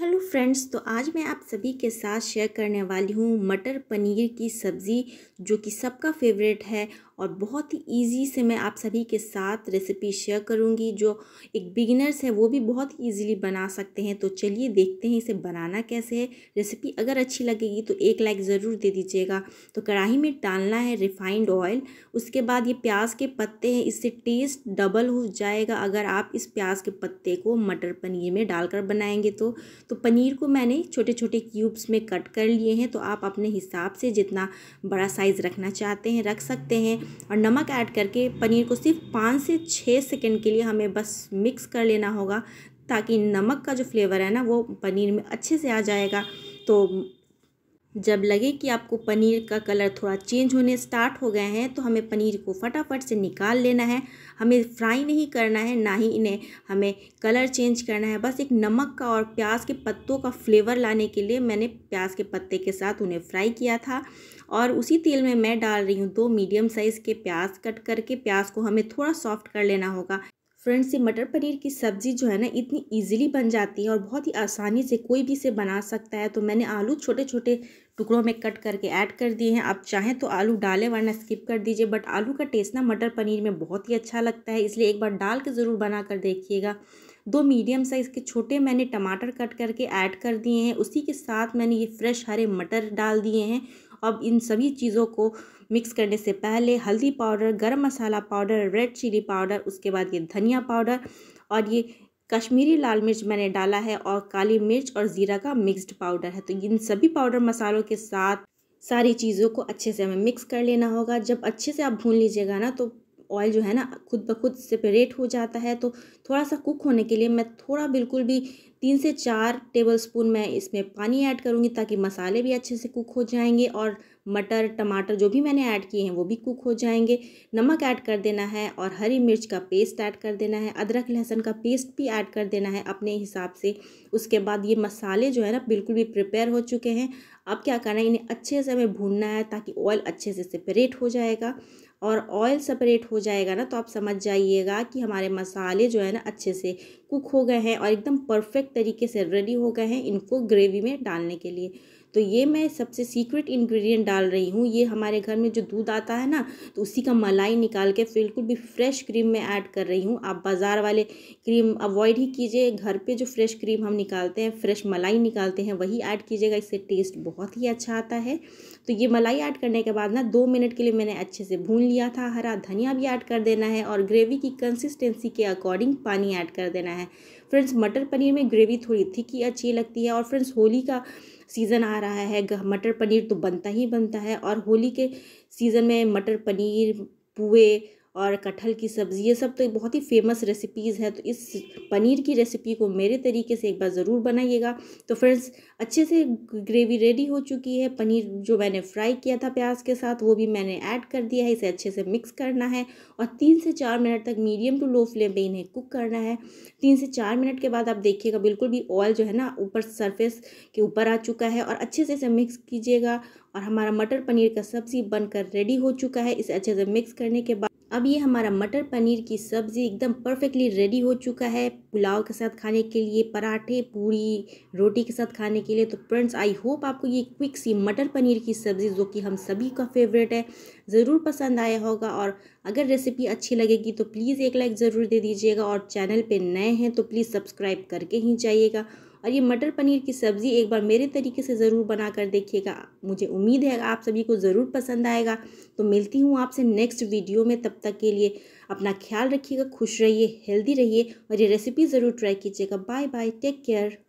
hello friends तो आज मैं आप सभी के साथ शेयर करने वाली हूँ मटर पनीर की सब्ज़ी जो कि सबका फेवरेट है और बहुत ही ईजी से मैं आप सभी के साथ रेसिपी शेयर करूँगी जो एक बिगिनर्स है वो भी बहुत ईजिली बना सकते हैं तो चलिए देखते हैं इसे बनाना कैसे है रेसिपी अगर अच्छी लगेगी तो एक लाइक ज़रूर दे दीजिएगा तो कढ़ाई में डालना है रिफाइंड ऑयल उसके बाद ये प्याज के पत्ते हैं इससे टेस्ट डबल हो जाएगा अगर आप इस प्याज के पत्ते को मटर पनीर में डालकर बनाएंगे तो तो पनीर को मैंने छोटे छोटे क्यूब्स में कट कर लिए हैं तो आप अपने हिसाब से जितना बड़ा साइज़ रखना चाहते हैं रख सकते हैं और नमक ऐड करके पनीर को सिर्फ पाँच से छः सेकेंड के लिए हमें बस मिक्स कर लेना होगा ताकि नमक का जो फ्लेवर है ना वो पनीर में अच्छे से आ जाएगा तो जब लगे कि आपको पनीर का कलर थोड़ा चेंज होने स्टार्ट हो गए हैं तो हमें पनीर को फटाफट से निकाल लेना है हमें फ्राई नहीं करना है ना ही इन्हें हमें कलर चेंज करना है बस एक नमक का और प्याज के पत्तों का फ्लेवर लाने के लिए मैंने प्याज के पत्ते के साथ उन्हें फ्राई किया था और उसी तेल में मैं डाल रही हूँ दो मीडियम साइज़ के प्याज कट करके प्याज को हमें थोड़ा सॉफ्ट कर लेना होगा फ्रेंड्स ये मटर पनीर की सब्ज़ी जो है ना इतनी इजीली बन जाती है और बहुत ही आसानी से कोई भी इसे बना सकता है तो मैंने आलू छोटे छोटे टुकड़ों में कट करके ऐड कर दिए हैं आप चाहें तो आलू डालें वरना स्किप कर दीजिए बट आलू का टेस्ट ना मटर पनीर में बहुत ही अच्छा लगता है इसलिए एक बार डाल के ज़रूर बना कर देखिएगा दो मीडियम साइज़ के छोटे मैंने टमाटर कट करके ऐड कर दिए हैं उसी के साथ मैंने ये फ्रेश हरे मटर डाल दिए हैं अब इन सभी चीज़ों को मिक्स करने से पहले हल्दी powder garam masala powder red chilli powder उसके बाद ये धनिया पाउडर और ये कश्मीरी लाल मिर्च मैंने डाला है और काली मिर्च और ज़ीरा का मिक्स्ड पाउडर है तो इन सभी पाउडर मसालों के साथ सारी चीज़ों को अच्छे से हमें मिक्स कर लेना होगा जब अच्छे से आप भून लीजिएगा ना तो ऑयल जो है ना खुद ब खुद सेपरेट हो जाता है तो थोड़ा सा कुक होने के लिए मैं थोड़ा बिल्कुल भी तीन से चार टेबल स्पून मैं इसमें पानी ऐड करूँगी ताकि मसाले भी अच्छे से कुक हो जाएंगे और मटर टमाटर जो भी मैंने ऐड किए हैं वो भी कुक हो जाएंगे नमक ऐड कर देना है और हरी मिर्च का पेस्ट ऐड कर देना है अदरक लहसुन का पेस्ट भी ऐड कर देना है अपने हिसाब से उसके बाद ये मसाले जो है ना बिल्कुल भी प्रिपेयर हो चुके हैं अब क्या करना है इन्हें अच्छे से हमें भूनना है ताकि ऑयल अच्छे से सेपरेट हो जाएगा और ऑयल सेपरेट हो जाएगा ना तो आप समझ जाइएगा कि हमारे मसाले जो है ना अच्छे से कुक हो गए हैं और एकदम परफेक्ट तरीके से रेडी हो गए हैं इनको ग्रेवी में डालने के लिए तो ये मैं सबसे सीक्रेट इन्ग्रीडियंट डाल रही हूँ ये हमारे घर में जो दूध आता है ना तो उसी का मलाई निकाल के बिल्कुल भी फ्रेश क्रीम में ऐड कर रही हूँ आप बाज़ार वाले क्रीम अवॉइड ही कीजिए घर पे जो फ्रेश क्रीम हम निकालते हैं फ्रेश मलाई निकालते हैं वही ऐड कीजिएगा इससे टेस्ट बहुत ही अच्छा आता है तो ये मलाई ऐड करने के बाद ना दो मिनट के लिए मैंने अच्छे से भून लिया था हरा धनिया भी ऐड कर देना है और ग्रेवी की कंसिस्टेंसी के अकॉर्डिंग पानी ऐड कर देना है फ्रेंड्स मटर पनीर में ग्रेवी थोड़ी थिकी ही अच्छी लगती है और फ्रेंड्स होली का सीज़न आ रहा है मटर पनीर तो बनता ही बनता है और होली के सीज़न में मटर पनीर पुए और कटहल की सब्ज़ी ये सब तो बहुत ही फेमस रेसिपीज़ है तो इस पनीर की रेसिपी को मेरे तरीके से एक बार ज़रूर बनाइएगा तो फ्रेंड्स अच्छे से ग्रेवी रेडी हो चुकी है पनीर जो मैंने फ्राई किया था प्याज के साथ वो भी मैंने ऐड कर दिया है इसे अच्छे से मिक्स करना है और तीन से चार मिनट तक मीडियम टू लो फ्लेम पर इन्हें कुक करना है तीन से चार मिनट के बाद आप देखिएगा बिल्कुल भी ऑयल जो है ना ऊपर सरफेस के ऊपर आ चुका है और अच्छे से इसे मिक्स कीजिएगा और हमारा मटर पनीर का सब्ज़ी बनकर रेडी हो चुका है इसे अच्छे से मिक्स करने के बाद अब ये हमारा मटर पनीर की सब्ज़ी एकदम परफेक्टली रेडी हो चुका है पुलाव के साथ खाने के लिए पराठे पूरी रोटी के साथ खाने के लिए तो फ्रेंड्स आई होप आपको ये क्विक सी मटर पनीर की सब्ज़ी जो कि हम सभी का फेवरेट है ज़रूर पसंद आया होगा और अगर रेसिपी अच्छी लगेगी तो प्लीज़ एक लाइक ज़रूर दे दीजिएगा और चैनल पर नए हैं तो प्लीज़ सब्सक्राइब करके ही जाइएगा और ये मटर पनीर की सब्ज़ी एक बार मेरे तरीके से ज़रूर बना कर देखिएगा मुझे उम्मीद है आप सभी को ज़रूर पसंद आएगा तो मिलती हूँ आपसे नेक्स्ट वीडियो में तब तक के लिए अपना ख्याल रखिएगा खुश रहिए हेल्दी रहिए और ये रेसिपी ज़रूर ट्राई कीजिएगा बाय बाय टेक केयर